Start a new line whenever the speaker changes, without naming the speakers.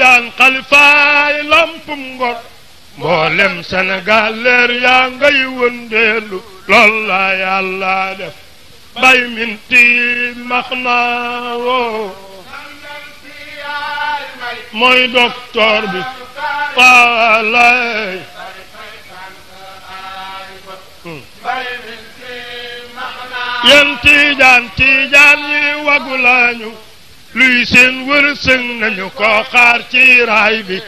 Tidiane xalifaay lampum ngor mboolem Sénégal leer yaa ngay wëndeelu lool la yàlla def bay min tiit max naa woo mooy docteur bi waalay yéen Tidiane Tidiane yi wagu lañu luy seen wërsëg nañu ko
xaar ci raay bi